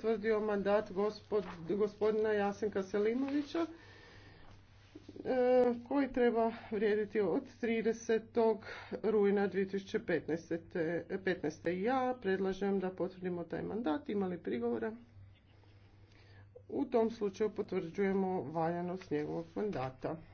potvrdio mandat gospodina Jasenka Selimovića e, koji treba vrijediti od 30. rujna 2015. Ja predlažem da potvrdimo taj mandat. Ima li prigovora? U tom slučaju potvrđujemo valjanost njegovog mandata.